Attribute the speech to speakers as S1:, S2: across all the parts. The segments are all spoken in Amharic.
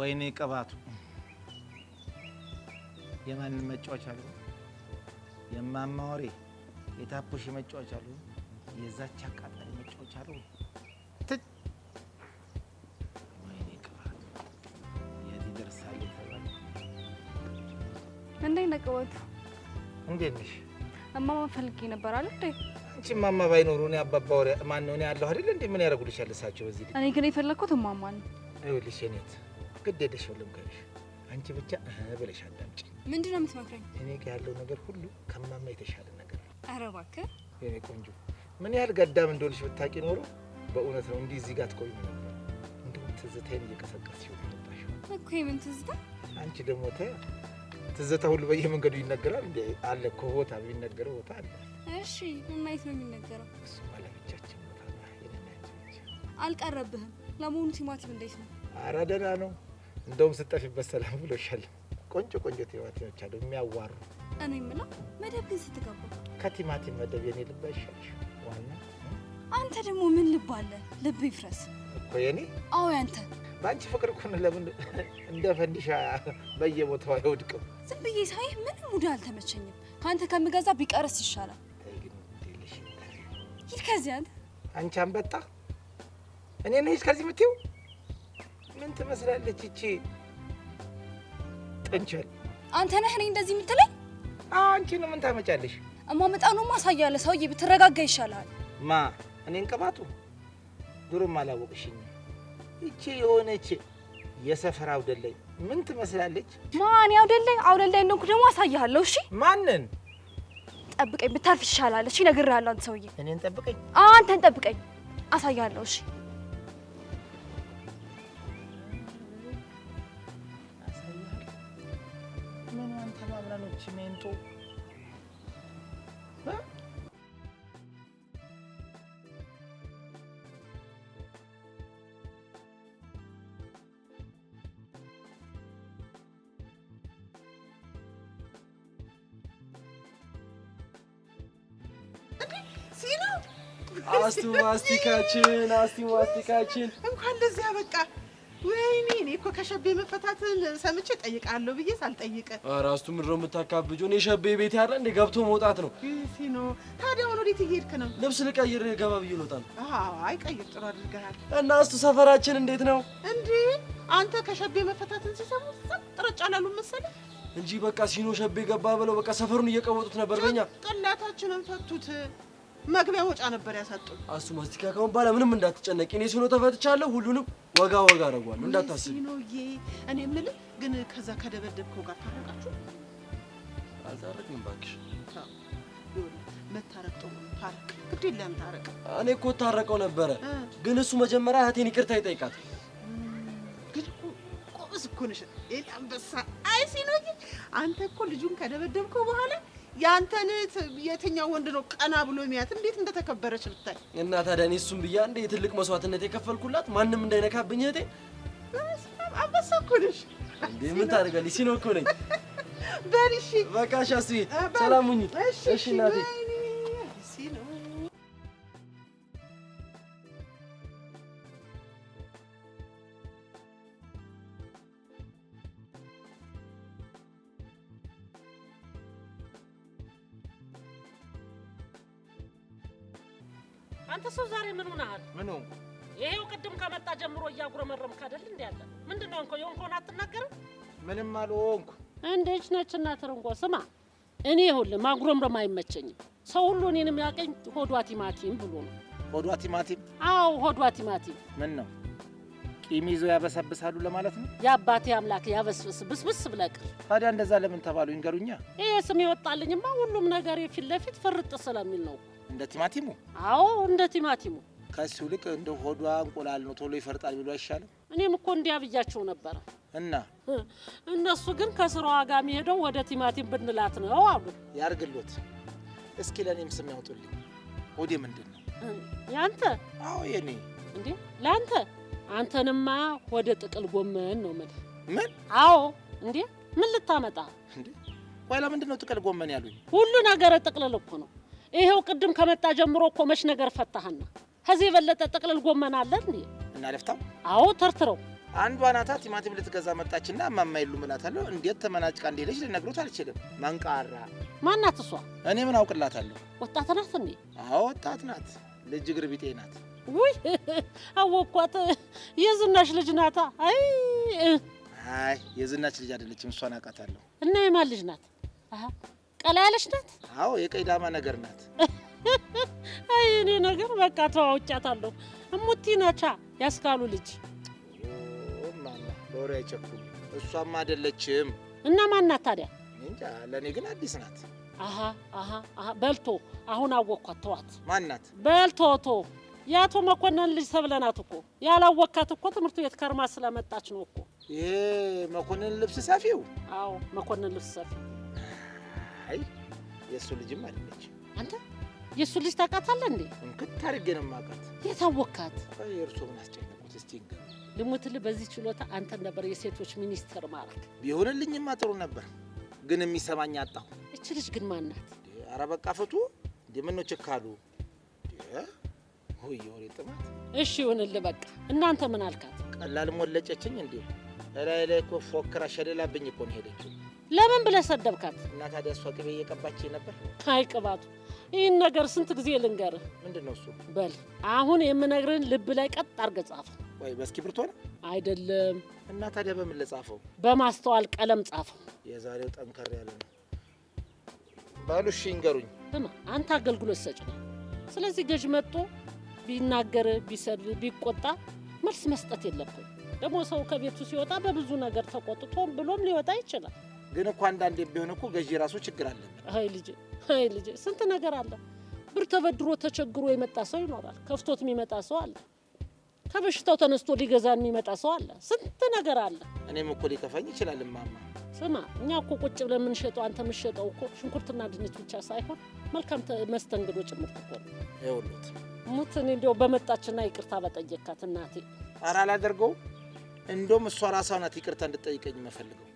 S1: ወይኔ ቅባቱ የማንን መጫወቻ አሉ የማማወሬ የታፖሽ መጫወቻ አሉ የዛች አቃጣሪ መጫወቻ አሉ ወይኔ ቅባቱ የት ይደርሳል የተባለ
S2: እንዴት ነህ እንዴት ነሽ እማማ ፈልጌ ነበር አሉ እንዴ
S1: አንቺ እማማ ባይኖሩ እኔ አባባ ወሬ ማን ነው እኔ ያለሁ አይደል እንዴ ምን ያደርጉልሻል እሳቸው በዚህ
S2: እኔ ግን የፈለግኩት እማማ ነው
S1: ይኸውልሽ የኔ ግዴለሽ ነው ልምከርሽ። አንቺ ብቻ ብለሽ አዳምጪ።
S2: ምንድን ነው የምትመክረኝ?
S1: እኔ ጋ ያለው ነገር ሁሉ ከማማ የተሻለ ነገር ነው። ኧረ እባክህ የእኔ ቆንጆ፣ ምን ያህል ገዳም እንደሆንሽ ብታውቂ ኖሮ በእውነት ነው እንዲህ እዚህ ጋር ትቆይ ነበር። እንደውም ትዝታዬን እየቀሰቀስሽ ይወጣሽ
S2: እኮ። የምን ትዝታ?
S1: አንቺ ደግሞ ተይ፣ ትዝታ ሁሉ በየመንገዱ ይነገራል። እንደ አለ እኮ ቦታ የሚነገረው ቦታ አለ።
S2: እሺ፣ ምን ነው የሚነገረው?
S1: እሱ ባለብቻችን ቦታ
S2: አልቀረብህም። ለመሆኑ ቲማቲም እንዴት ነው?
S1: ኧረ ደህና ነው እንደውም ስጠፊበት ሰላም ብሎሻል። ቆንጆ ቆንጆ ቲማቲሞች አሉ የሚያዋሩ።
S2: እኔ የምለው መደብ ግን ስትገቡ
S1: ከቲማቲም መደብ የኔ ልብ አይሻልሽ? ዋና
S2: አንተ ደግሞ ምን ልብ አለ? ልብ ይፍረስ እኮ የኔ። አዎ ያንተ
S1: በአንቺ ፍቅር እኮ ለምን እንደ ፈንዲሻ በየቦታው አይወድቅም?
S2: ዝም ብዬ ሳይህ ምን ሙድ አልተመቸኝም። ከአንተ ከምገዛ ቢቀረስ ይሻላል። ሂድ ከዚህ
S1: አንቺ አንበጣ። እኔ ነኝ ከዚህ የምትይው ምን ትመስላለች እቺ ጥንቸል?
S2: አንተ ነህ እኔ እንደዚህ የምትለኝ?
S1: አንቺ ነው ምን ታመጫለሽ?
S2: እማመጣኑን ማሳያለ። ሰውዬ ብትረጋጋ ይሻላል።
S1: ማ እኔን ቅባቱ ድሮም አላወቅሽኝ። እቺ የሆነች የሰፈር አውደላይ ምን ትመስላለች?
S2: ማን አውደላይ? አውደላይ እንደሆንኩ ደግሞ አሳያለሁ። እሺ ማንን? ጠብቀኝ፣ ብታርፍ ይሻላል። እሺ ነግሬሃለሁ። አንተ ሰውዬ እኔን ጠብቀኝ። አንተን ጠብቀኝ፣ አሳያለሁ። እሺ
S1: sentimental. Hã? አስቲ ማስቲካችን አስቲ ማስቲካችን
S3: እንኳን ለዚያ በቃ ወይኔ እኔ እኮ ከሸቤ መፈታትን ሰምቼ ጠይቃለሁ ብዬ ሳልጠይቅ
S1: ራስቱ ምድሮ የምታካብጆ እኔ ሸቤ ቤት ያለ እንደ ገብቶ መውጣት ነው
S3: ሲኖ። ታዲያ አሁን ወዴት እየሄድክ ነው?
S1: ልብስ ልቀይር ገባ ብዬ ልወጣ ነው።
S3: አይ ቀይር፣ ጥሩ አድርገሃል።
S1: እና እስቱ ሰፈራችን እንዴት ነው
S3: እንዴ? አንተ ከሸቤ መፈታትን ሲሰሙ ጥረጫ ላሉ መሰለህ
S1: እንጂ በቃ ሲኖ ሸቤ ገባ ብለው በቃ ሰፈሩን እየቀወጡት ነበር። በኛ
S3: ጥላታችንን ፈቱት። መግቢያ መውጫ ነበር ያሳጡን።
S1: አሱ ማስቲካ ካሁን በኋላ ምንም እንዳትጨነቂ፣ እኔ ሲኖ ተፈትቻለሁ ሁሉንም ወጋ ወጋ አደርጓለሁ እንዳታስቢ።
S3: እኔ የምልህ ግን ከዛ ከደበደብከው ጋር ታረቃችሁ?
S1: አልታረቅም እባክሽ።
S3: መታረቅ ጥሩ ታረቅ፣ ግድ የለም ታረቅ።
S1: እኔ እኮ ታረቀው ነበረ፣ ግን እሱ መጀመሪያ እህቴን ይቅርታ ይጠይቃት።
S3: ግን ቆብስ እኮ ነሽ አንበሳ። አይ ሲኖዬ፣ አንተ እኮ ልጁን ከደበደብከው በኋላ ያንተን የትኛው ወንድ ነው ቀና ብሎ የሚያት? እንዴት እንደተከበረች ብታይ።
S1: እና ታዲያ እኔ እሱም ብያ እንደ የትልቅ መስዋዕትነት የከፈልኩላት ማንም እንዳይነካብኝ እህቴ። አንበሳ እንዴ! ምን ታደርጋለች? ሲኖ እኮ ነኝ። በል እሺ፣ በቃ እሺ። አስቤ ሰላም
S3: እሺ እናቴ አንተ ሰው ዛሬ ምን ሆነሃል? ምን ሆንኩ? ይሄው ቅድም ከመጣ ጀምሮ እያጉረመረምክ አይደል እንዴ? አለ ምንድን ነው እንኳን የሆንከውን አትናገርም?
S1: ምንም አልሆንኩ።
S3: እንዴች ነች እና ትርንጎ ስማ፣ እኔ ይኸውልህ ማጉረምረም አይመቸኝም። ሰው ሁሉ እኔንም ያቀኝ ሆዷ ቲማቲም ብሎ ነው።
S1: ሆዷ ቲማቲም?
S3: አዎ ሆዷ ቲማቲም።
S1: ምን ነው ቂም ይዘው ያበሰብሳሉ ለማለት ነው?
S3: የአባቴ አምላክ ያበስብስ፣ ብስብስ ብለቅ።
S1: ታዲያ እንደዛ ለምን ተባሉ ይንገሩኛ።
S3: ይሄ ስም ይወጣልኝማ ሁሉም ነገር የፊት ለፊት ፍርጥ ስለሚል ነው እንደ ቲማቲሙ? አዎ እንደ ቲማቲሙ።
S1: ከሱ ይልቅ እንደ ሆዷ እንቁላል ነው ቶሎ ይፈርጣል ቢሉ አይሻልም?
S3: እኔም እኮ እንዲያብያቸው ነበረ እና እነሱ ግን ከስራዋ ጋር የሚሄደው ወደ ቲማቲም ብንላት ነው አሉ።
S1: ያርግሎት። እስኪ ለእኔም ስም ያውጡልኝ። ሆዴ ምንድን ነው? ያንተ? አዎ የኔ።
S3: እንዴ ለአንተ? አንተንማ ወደ ጥቅል ጎመን ነው የምልህ። ምን? አዎ። እንዴ ምን ልታመጣ? እንዴ
S1: ቆይ ለምንድን ነው ጥቅል ጎመን ያሉኝ?
S3: ሁሉ ነገር ጥቅልል እኮ ነው ይሄው ቅድም ከመጣ ጀምሮ እኮ መች ነገር ፈታህና ከዚህ የበለጠ ጥቅልል ጎመን አለ እንዴ? እና ደፍታው አዎ፣ ተርትረው
S1: አንዷ ናታ ቲማቲም ልትገዛ መጣችና እማማ የሉም እላታለሁ። እንዴት ተመናጭቃ እንደሄደች ልነግሮት አልችልም። መንቃራ ማናት እሷ? እኔ ምን አውቅላታለሁ?
S3: ወጣት ናት እንዴ?
S1: አዎ ወጣት ናት። ልጅ እግር ቢጤ ናት።
S3: ውይ አወኳት፣ የዝናሽ ልጅ ናታ። አይ
S1: አይ የዝናሽ ልጅ አይደለችም፣ እሷን አውቃታለሁ።
S3: እና የማን ልጅ ናት? ቀላ ያለች ናት።
S1: አዎ የቀይዳማ ነገር ናት።
S3: አይ እኔ ነገር በቃ ተዋውጫታለሁ። እሙቲ ነቻ ያስካሉ ልጅ
S1: ማማ በወሬ እሷም አይደለችም
S3: እና ማን ታዲያ?
S1: እንጃ ለእኔ ግን አዲስ ናት።
S3: አሀ አሀ በልቶ አሁን አወቅኳት። ተዋት። ማን ናት? በልቶቶ የአቶ መኮንን ልጅ ተብለናት እኮ ያላወቅካት እኮ ትምህርት ቤት ከርማ ስለመጣች ነው እኮ።
S1: ይሄ መኮንን ልብስ ሰፊው?
S3: አዎ መኮንን ልብስ ሰፊው
S1: አይ የእሱ ልጅም አይደለች።
S3: አንተ የእሱ ልጅ ታውቃታለህ እንዴ?
S1: እንክት አድርጌ ነው የማውቃት።
S3: የታወካት
S1: እርሶ ምን አስጨነቁት? እስቲ
S3: ልሙትልህ፣ በዚህ ችሎታ አንተን ነበር የሴቶች ሚኒስትር ማለት።
S1: ቢሆንልኝማ ጥሩ ነበር፣ ግን የሚሰማኝ አጣሁ።
S3: እች ልጅ ግን ማናት?
S1: አረ በቃ ፍቱ። እንደምነው ችካሉ ሆይ ወሬ ጥማት።
S3: እሺ ይሁንልህ በቃ። እናንተ ምን አልካት?
S1: ቀላል ሞለጨችኝ እንዴ? እላይ ላይ እኮ ፎክራ ሸለላብኝ እኮ ነው ሄደችው
S3: ለምን ብለህ ሰደብካት?
S1: እና ታዲያ እሷ ቅቤ እየቀባች ነበር።
S3: አይ ቅባቱ፣ ይህን ነገር ስንት ጊዜ ልንገርህ? ምንድን ነው እሱ? በል አሁን የምነግርህን ልብ ላይ ቀጥ አድርገህ ጻፈ
S1: ወይ በእስክሪብቶ ነው?
S3: አይደለም።
S1: እና ታዲያ በምን ልጻፈው?
S3: በማስተዋል ቀለም ጻፈው።
S1: የዛሬው ጠንከር ያለ ነው። በሉ እሺ፣ ይንገሩኝ።
S3: ስማ፣ አንተ አገልግሎት ሰጭ ነህ። ስለዚህ ገዥ መጥቶ ቢናገር፣ ቢሰድ፣ ቢቆጣ መልስ መስጠት የለብህም። ደግሞ ሰው ከቤቱ ሲወጣ በብዙ ነገር ተቆጥቶም ብሎም ሊወጣ ይችላል።
S1: ግን እኮ አንዳንዴ ቢሆን እኮ ገዢ ራሱ ችግር አለበት።
S3: አይ ልጄ፣ አይ ልጄ፣ ስንት ነገር አለ። ብር ተበድሮ ተቸግሮ የመጣ ሰው ይኖራል። ከፍቶት የሚመጣ ሰው አለ። ከበሽታው ተነስቶ ሊገዛ የሚመጣ ሰው አለ። ስንት ነገር አለ።
S1: እኔም እኮ ሊከፋኝ ይችላል ማማ።
S3: ስማ፣ እኛ እኮ ቁጭ ብለን የምንሸጠው አንተ የምትሸጠው እኮ ሽንኩርትና ድንች ብቻ ሳይሆን መልካም መስተንግዶ ጭምር እኮ ነው። ይኸውልህ ሙት እኔ እንዲያው በመጣችና ይቅርታ በጠየካት እናቴ።
S1: ኧረ አላደርገውም። እንደውም እሷ ራሷ ናት ይቅርታ እንድጠይቀኝ የምፈልገው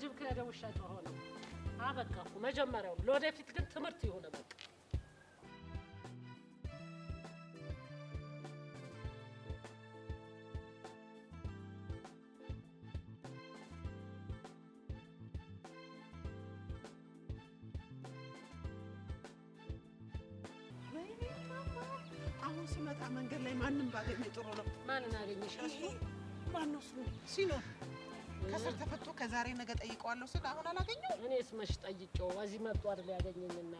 S3: ጅብ ከሄደ ውሻ ጮኸ ነው። አበቃ መጀመሪያው። ለወደፊት ግን ትምህርት ይሁን በቃ። አሁን መንገድ ላይ ማንም ባገኘ ጥሩ ነው። ማንን አገኘሽ? ማነው? ከስር ተፈቶ ከዛሬ ነገ ጠይቀዋለሁ ስል አሁን አላገኘው። እኔስ መች ጠይቄው እዚህ መጥቶ አይደል ያገኘኝና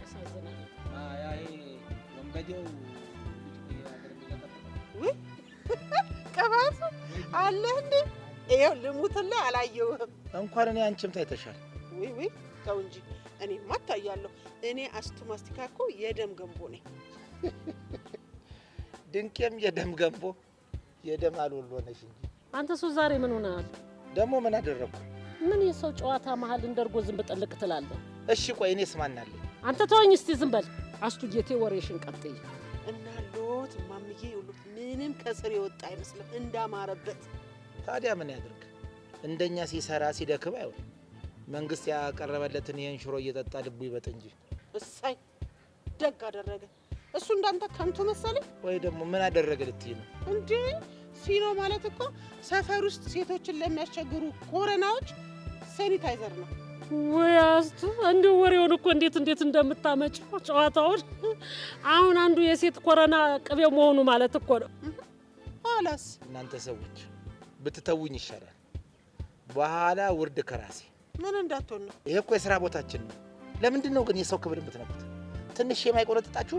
S3: ያሳዝናል።
S1: ወንበዴው እንዴ?
S3: ይኸው ልሙትልህ፣ አላየውህም
S1: እንኳን እኔ አንቺም ታይተሻል።
S3: ውይ ውይ ተው እንጂ እኔማ እታያለሁ። እኔ አስቱ እኮ የደም ገንቦ ነኝ።
S1: ድንቄም የደም ገንቦ የደም አልወሎ ነሽ እንጂ
S3: አንተ ሰው ዛሬ ምን ሆነሃል?
S1: ደግሞ ምን አደረኩ?
S3: ምን የሰው ጨዋታ መሀል እንደርጎ ዝም ብጠልቅ ትላለህ?
S1: እሺ ቆይ እኔ ስማናለሁ።
S3: አንተ ተወኝ እስቲ ዝም በል። አስቱ ጌቴ ወሬሽን ቀጥይ። ሎት ማምዬ ይሉት ምንም ከስር የወጣ አይመስልም እንዳማረበት።
S1: ታዲያ ምን ያድርግ? እንደኛ ሲሰራ ሲደክም አይውል። መንግስት ያቀረበለትን ይህን ሽሮ እየጠጣ ልቡ ይበጥ እንጂ።
S3: እሳይ ደግ አደረገ። እሱ እንዳንተ ከንቱ መሰለኝ።
S1: ወይ ደግሞ ምን አደረገ ልትይ ነው
S3: እንዴ? ፊኖ ማለት እኮ ሰፈር ውስጥ ሴቶችን ለሚያስቸግሩ ኮረናዎች ሴኒታይዘር ነው። ወያስቱ እንዲሁ ወሬውን እኮ እንዴት እንዴት እንደምታመጭ ጨዋታውን። አሁን አንዱ የሴት ኮረና ቅቤ መሆኑ ማለት እኮ ነው። ኋላስ
S1: እናንተ ሰዎች ብትተውኝ ይሻላል። በኋላ ውርድ ከራሴ
S3: ምን እንዳትሆን ነው።
S1: ይሄ እኮ የስራ ቦታችን ነው። ለምንድን ነው ግን የሰው ክብር የምትነኩት? ትንሽ የማይቆረጥጣችሁ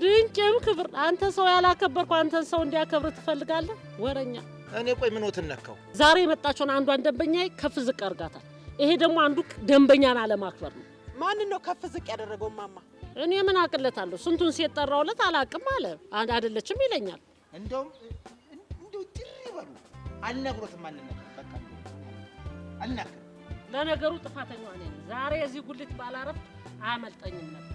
S3: ድንቅም ክብር። አንተ ሰው ያላከበርኩ አንተን ሰው እንዲያከብር ትፈልጋለህ? ወረኛ።
S1: እኔ ቆይ ምን ነካው?
S3: ዛሬ የመጣችውን አንዷን ደንበኛ ከፍ ዝቅ አርጋታል። ይሄ ደግሞ አንዱ ደንበኛን አለማክበር ነው። ማን ነው ከፍ ዝቅ ያደረገው? ማማ እኔ ምን አቅለታለሁ? ስንቱን ሴት ጠራውለት አላቅም አለ አይደለችም ይለኛል።
S1: እንደውም እንደው ጥሪ ይበሉ አልነግሮት አልነግር።
S3: ለነገሩ ጥፋተኛ ነኝ። ዛሬ እዚህ ጉልት ባላረፍ አያመልጠኝም ነበር።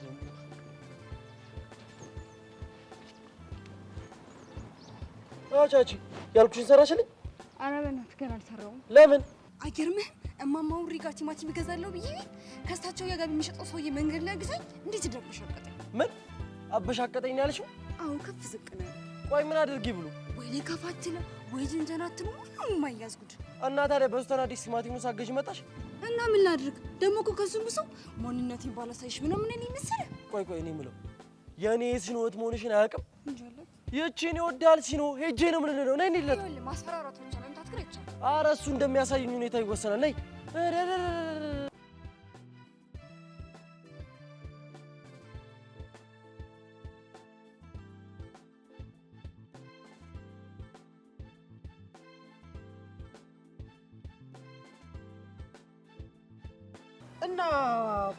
S1: ስለሚሆን አቻቺ ያልኩሽን ሰራሽልኝ?
S3: ኧረ በእናትህ ገና አልሰራሁም። ለምን አይገርምህም? እማማ ውሪ ጋር ቲማቲም እገዛለሁ ብዬ ከእሳቸው የጋቢ የሚሸጠው ሰውዬ መንገድ ላይ አግዛኝ እንዴት አበሻቀጠኝ።
S1: ምን አበሻቀጠኝ ነው ያልሽው?
S3: አዎ ከፍ ዝቅ ነው።
S1: ቆይ ምን አድርጊ ብሎ
S3: ወይ ሊከፋት ወይ ድንጀናት ሁሉም የማያዝ
S1: እና ታዲያ በሱ ተናደሽ ቲማቲሙን ሳገዥ መጣሽ?
S3: እና ምን ላድርግ ደግሞ እኮ ከሱም ብሶ ማንነቴን ባላሳይሽ ምናምን እኔ መሰለ።
S1: ቆይ ቆይ እኔ የምለው የእኔ ሲኖት መሆንሽን አያውቅም። ይቺን ይወዳል ሲኖ ሄጄ ነው ምን ልለው ነይ ንለት
S3: ማስፈራራት ብቻ ነው።
S1: አረ እሱ እንደሚያሳይኝ ሁኔታ ይወሰናል። ነይ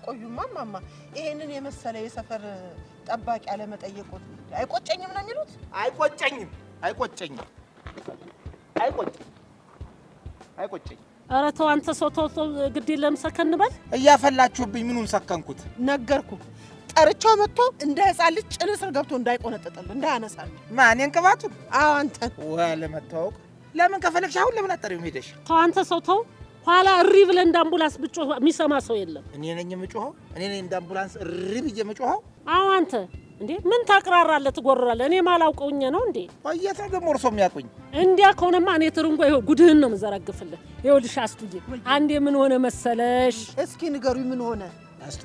S3: ቆዩማ ማማ ይሄንን የመሰለ የሰፈር ጠባቂ አለመጠየቁ አይቆጨኝም ነው የሚሉት?
S1: አይቆጨኝም፣ አይቆጨኝም፣ አይቆጨኝም፣
S3: ኧረ ተው አንተ ሰው ተው ግድ የለም ሰከን በል።
S1: እያፈላችሁብኝ ምኑን ሰከንኩት?
S3: ነገርኩ ጠርቻው መጥቶ እንደ ሕፃን ልጅ ጭን ስር ገብቶ እንዳይቆነጠጠል እንዳያነሳል።
S1: ማን እንቅባቱ? አዎ አንተን። ወለ መታወቅ ለምን ከፈለግሽ አሁን ለምን አጠሪው ሄደሽ?
S3: ተው አንተ ሰው ተው ኋላ እሪ ብለን እንደ አምቡላንስ ብጮህ የሚሰማ ሰው የለም።
S1: እኔ ነኝ የምጮኸው፣ እኔ ነኝ እንደ አምቡላንስ እሪ ብዬ የምጮኸው።
S3: አዎ አንተ እንዴ ምን ታቅራራለህ? ትጎርራለህ። እኔ ማላውቀውኝ ነው እንዴ?
S1: ቆየተ ደግሞ እርሶ የሚያውቁኝ።
S3: እንዲያ ከሆነማ እኔ ትርንጎ ይኸው ጉድህን ነው የምዘረግፍልህ። ይኸውልሽ አስቱዬ፣ አንዴ ምን ሆነ መሰለሽ?
S1: እስኪ ንገሩኝ፣ ምን ሆነ አስቱ?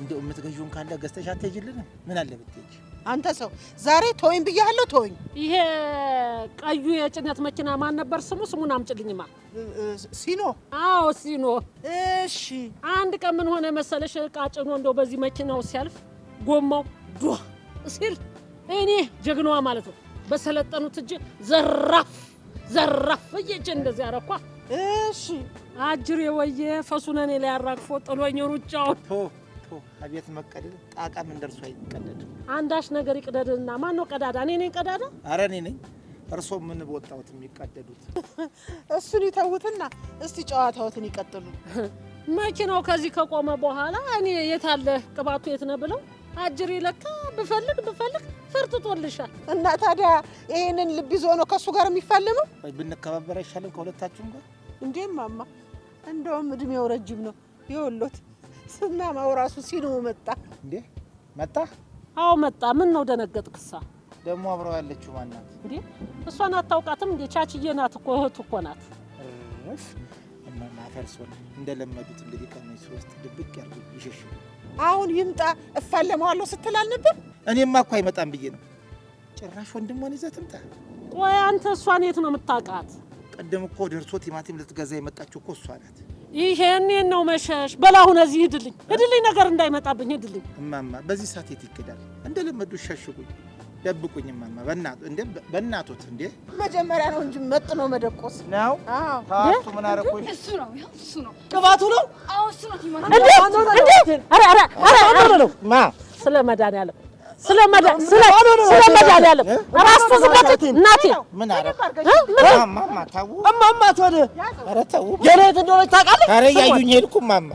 S1: እንደው የምትገዥውን ካለ ገዝተሽ አትሄጂልንም? ምን አለ ብትሄጂ
S3: አንተ ሰው ዛሬ ተወኝ ብያለሁ፣ ተወኝ። ይሄ ቀዩ የጭነት መኪና ማን ነበር ስሙ? ስሙን አምጭልኝማ። ሲኖ። አዎ ሲኖ። እሺ። አንድ ቀን ምን ሆነ መሰለሽ? ዕቃ ጭኖ እንደው በዚህ መኪናው ሲያልፍ ጎማው ዶ ሲል እኔ ጀግናዋ ማለት ነው በሰለጠኑት እጅ ዘራፍ ዘራፍ እየጭ እንደዚህ አረኳ። እሺ። አጅሬ ወየ ፈሱነኔ ላይ አራግፎ ጥሎኝ ሩጫውን
S1: አቤት ጣቃ ምን ደርሶ አይቀደድ።
S3: አንዳች ነገር ይቅደድና ማን ነው ቀዳዳ? እኔ ነኝ ቀዳዳ?
S1: አረ እኔ ነኝ። እርሶ ምን ወጣውት የሚቀደዱት?
S3: እሱን ይተውትና እስቲ ጨዋታዎትን ይቀጥሉ። መኪናው ከዚህ ከቆመ በኋላ እኔ የታለ ቅባቱ የት ነው ብለው አጅር ለካ ብፈልግ ብፈልግ ፈርጥጦልሻል። እና ታዲያ ይሄንን ልብ ይዞ ነው ከእሱ ጋር የሚፋለመው?
S1: ብንከባበር አይሻልም ከሁለታችሁም ጋር
S3: እንዴ? ማማ እንደውም እድሜው ረጅም ነው የወሎት ስናማው ራሱ ሲኑ መጣ
S1: እንዴ? መጣ?
S3: አዎ መጣ። ምን ነው ደነገጥክሳ?
S1: ደግሞ አብረው ያለችው ማናት
S3: እንዴ? እሷን አታውቃትም እንዴ? ቻችዬ ናት እኮ እህት እኮ ናት።
S1: እሺ እማማ ፈርሶን እንደለመዱት እንግዲህ ከነሱ ውስጥ ድብቅ ያርጉ ይሸሽ።
S3: አሁን ይምጣ እፋለመዋለሁ ስትል አልነበር?
S1: እኔማ እኮ አይመጣም ብዬ ነው። ጭራሽ ወንድሟን ይዘህ ትምጣ።
S3: ቆይ አንተ እሷን የት ነው የምታውቃት?
S1: ቀደም እኮ ደርሶ ቲማቲም ልትገዛ የመጣችው እኮ እሷ ናት።
S3: ይሄኔ ነው መሸሽ በላሁን እዚህ ሂድልኝ ሂድልኝ ነገር እንዳይመጣብኝ ሂድልኝ።
S1: እማማ በዚህ ሰዓት የት ይክዳል? እንደለመዱ ሸሽጉኝ፣ ደብቁኝ። እማማ በእናቱ እንደ በእናቶት እንደ
S3: መጀመሪያ ነው እንጂ መጥ ነው መደቆስ
S1: ነው። አዎ ምን አረቆሽ?
S3: እሱ ነው እሱ ነው ቅባቱ ነው። አዎ እሱ ነው። ቲማቲ
S1: እንዴ! እንዴ! አረ አረ አረ አረ ማ
S3: ስለ መድኃኒዓለም ስለመድኃኒዓለም እራሱ ዝገት እናቴ
S1: እማማ ተው፣
S3: እማማ ተው፣ የት እንደሆነች ታውቃለች።
S1: ኧረ እያዩኝ ሄድኩ እማማ